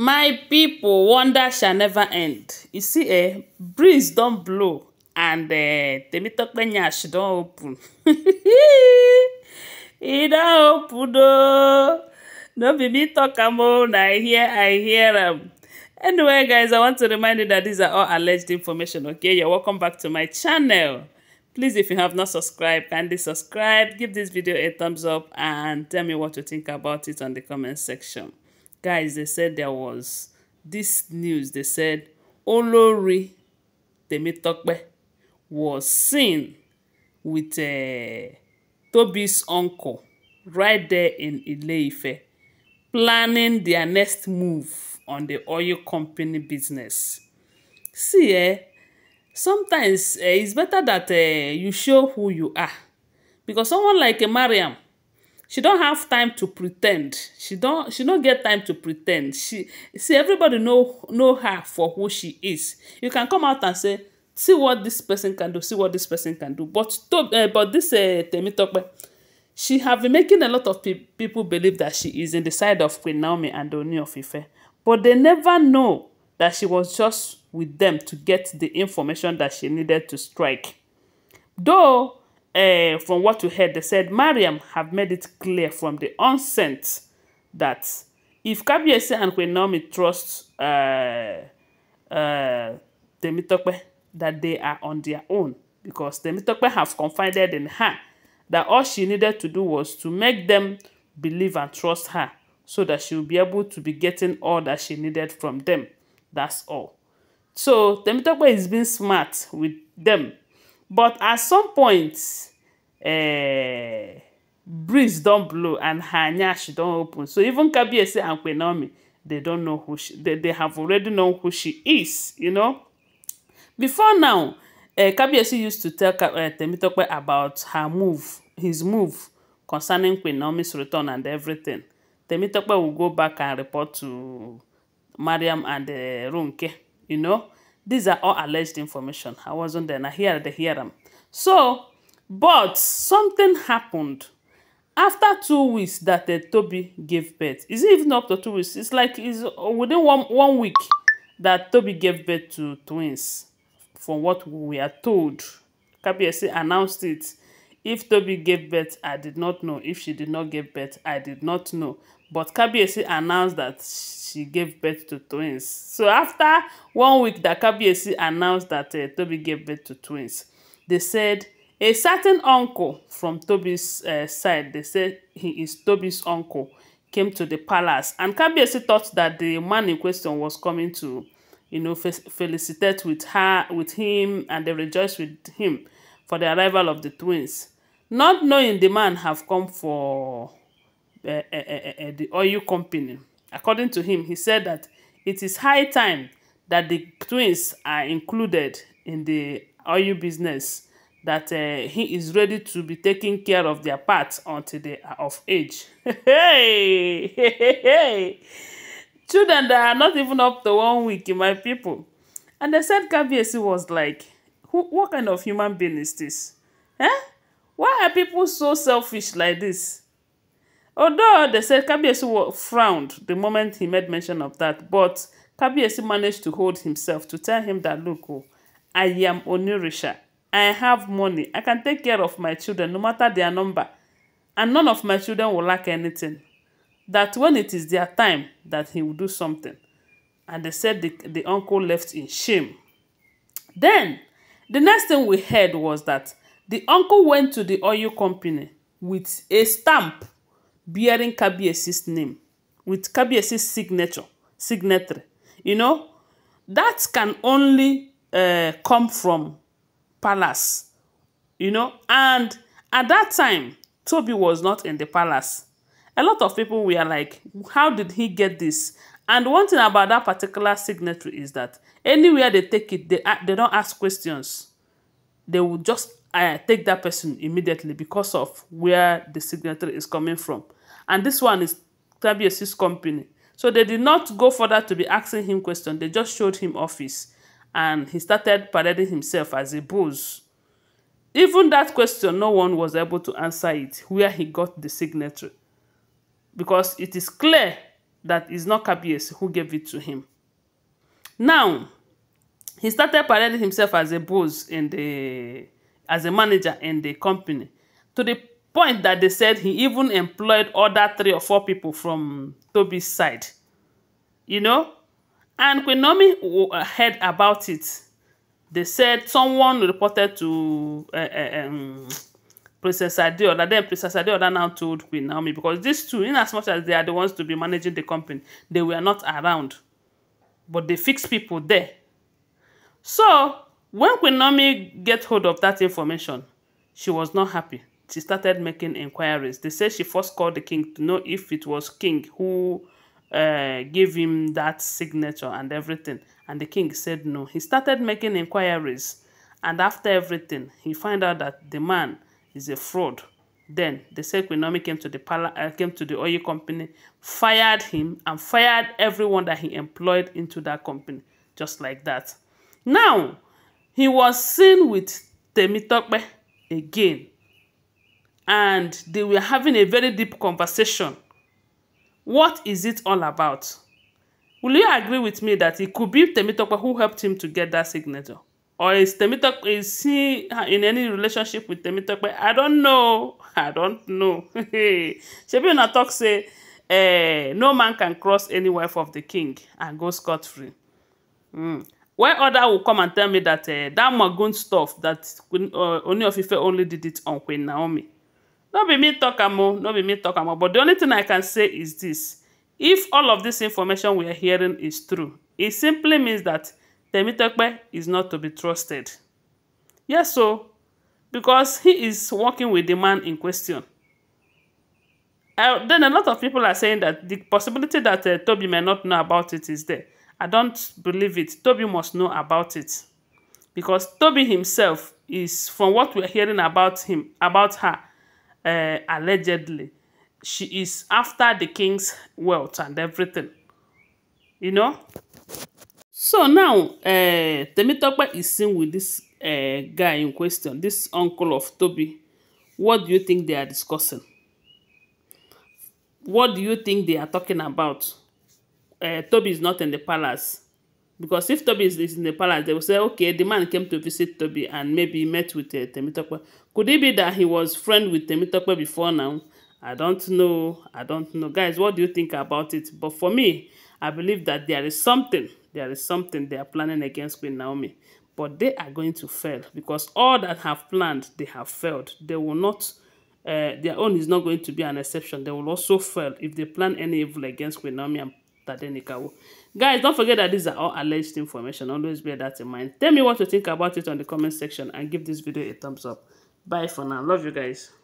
my people wonder shall never end you see eh breeze don blow and eh temitope nyash don open e don open no be me talk am o oh, na i hear i hear am anyway guys i want to remind you that these are all alleged information okay you're welcome back to my channel please if you have not subscribed kindly subscribe give this video a thumbs up and tell me what you think about it on the comment section guys, they said there was this news. They said Olori Temitope was seen with uh, Toby's uncle right there in ile planning their next move on the oil company business. See, eh, sometimes eh, it's better that eh, you show who you are. Because someone like a Mariam she don't have time to pretend she don't. she no get time to pretend she see everybody know know her for who she is you can come out and say see what this person can do see what this person can do but to uh, but this uh, eh, Temitope she have been making a lot of pe people believe that she is in the side of Queen Naomi and Ooni of Ife but they never know that she was just with them to get the information that she needed to strike though uh, from what we heard, they said Mariam have made it clear from the onset that if Kabiyesi and Queen Naomi trust uh, uh, Temitope, that they are on their own because Temitope have confided in her that all she needed to do was to make them believe and trust her so that she will be able to be getting all that she needed from them. That's all. So Temitope is being smart with them but at some point eh, breeze don blow and her nyash don open so even kabiyesi and queen they don't know who she they, they have already known who she is you know before now uh, eh, kabiyesi used to tell uh, temitope about her move his move concerning queen return and everything temitope will go back and report to mariam and uh, ronke you know These are all alleged information. I wasn't there. I hear they hear them. So, but something happened after two weeks that uh, Toby gave birth. Is it even up to two weeks? It's like it's within one, one week that Toby gave birth to twins, from what we are told. KBSC announced it. If Toby gave birth, I did not know. If she did not give birth, I did not know but Kabiyesi announced that she gave birth to twins. So after one week that Kabiyesi announced that uh, Toby gave birth to twins, they said a certain uncle from Toby's uh, side, they said he is Toby's uncle, came to the palace. And Kabiyesi thought that the man in question was coming to, you know, felicitate with her, with him, and they rejoice with him for the arrival of the twins. Not knowing the man have come for uh, uh, uh, the oil company. According to him, he said that it is high time that the twins are included in the oil business, that eh, he is ready to be taking care of their parts until they are of age. hey, hey, Children that are not even up to one week, my people. And they said Kabiesi was like, Who, what kind of human being is this? Eh? Why are people so selfish like this? Although they said Kabiyesi frowned the moment he made mention of that, but Kabiyesi managed to hold himself to tell him that, look, oh, I am Onirisha. I have money. I can take care of my children, no matter their number. And none of my children will lack anything. That when it is their time, that he will do something. And they said the, the uncle left in shame. Then, the next thing we heard was that the uncle went to the oil company with a stamp bearing Kabiesi's name with Kabiesi's signature, signature, You know, that can only uh, come from palace, you know. And at that time, Toby was not in the palace. A lot of people were like, how did he get this? And one thing about that particular signatory is that anywhere they take it, they, they don't ask questions. They will just uh, take that person immediately because of where the signatory is coming from and this one is Tabiesi's company. So they did not go further to be asking him questions. They just showed him office and he started parading himself as a boss. Even that question, no one was able to answer it, where he got the signature. Because it is clear that it's not KBS who gave it to him. Now, he started parading himself as a boss in the, as a manager in the company to the Point that they said he even employed other three or four people from Toby's side. You know? And Queen Nomi uh, heard about it. They said someone reported to uh, uh, um, Princess Adeola. Then Princess Adeola now told Queen Naomi because these two, in as much as they are the ones to be managing the company, they were not around. But they fixed people there. So, when Queen Naomi get hold of that information, she was not happy. she started making inquiries. They say she first called the king to know if it was king who uh, gave him that signature and everything. And the king said no. He started making inquiries. And after everything, he found out that the man is a fraud. Then the Sequinomi came to the palace, uh, came to the oil company, fired him, and fired everyone that he employed into that company, just like that. Now, he was seen with Temitope again and they were having a very deep conversation. What is it all about? Will you agree with me that it could be Temitope who helped him to get that signature? Or is Temitope, is he uh, in any relationship with Temitope? I don't know. I don't know. Shebi una talk say, eh, no man can cross any wife of the king and go scot-free. Mm. Where other will come and tell me that uh, that Magun stuff that uh, Ooni of only did it on Queen Naomi no be me talk am o no be me talk am but the only thing i can say is this: if all of this information we are hearing is true it simply means that temitope is not to be trusted yes o because he is working with the man in question Uh, then a lot of people are saying that the possibility that uh, Toby may not know about it is there. I don't believe it. Toby must know about it. Because Toby himself is, from what we are hearing about him, about her, uh, allegedly she is after the king's wealth and everything you know so now uh, Temitope is seen with this uh, guy in question this uncle of Toby. what do you think they are discussing what do you think they are talking about uh, Tobi is not in the palace because if Toby is, is in the palace, they will say, okay, the man came to visit Toby and maybe met with uh, Temitope. Could it be that he was friend with Temitope before now? I don't know. I don't know. Guys, what do you think about it? But for me, I believe that there is something. There is something they are planning against Queen Naomi. But they are going to fail because all that have planned, they have failed. They will not, uh, their own is not going to be an exception. They will also fail if they plan any evil against Queen Naomi and Tadenikawo. Guys, don't forget that these are all alleged information. Always bear that in mind. Tell me what you think about it on the comment section and give this video a thumbs up. Bye for now. Love you guys.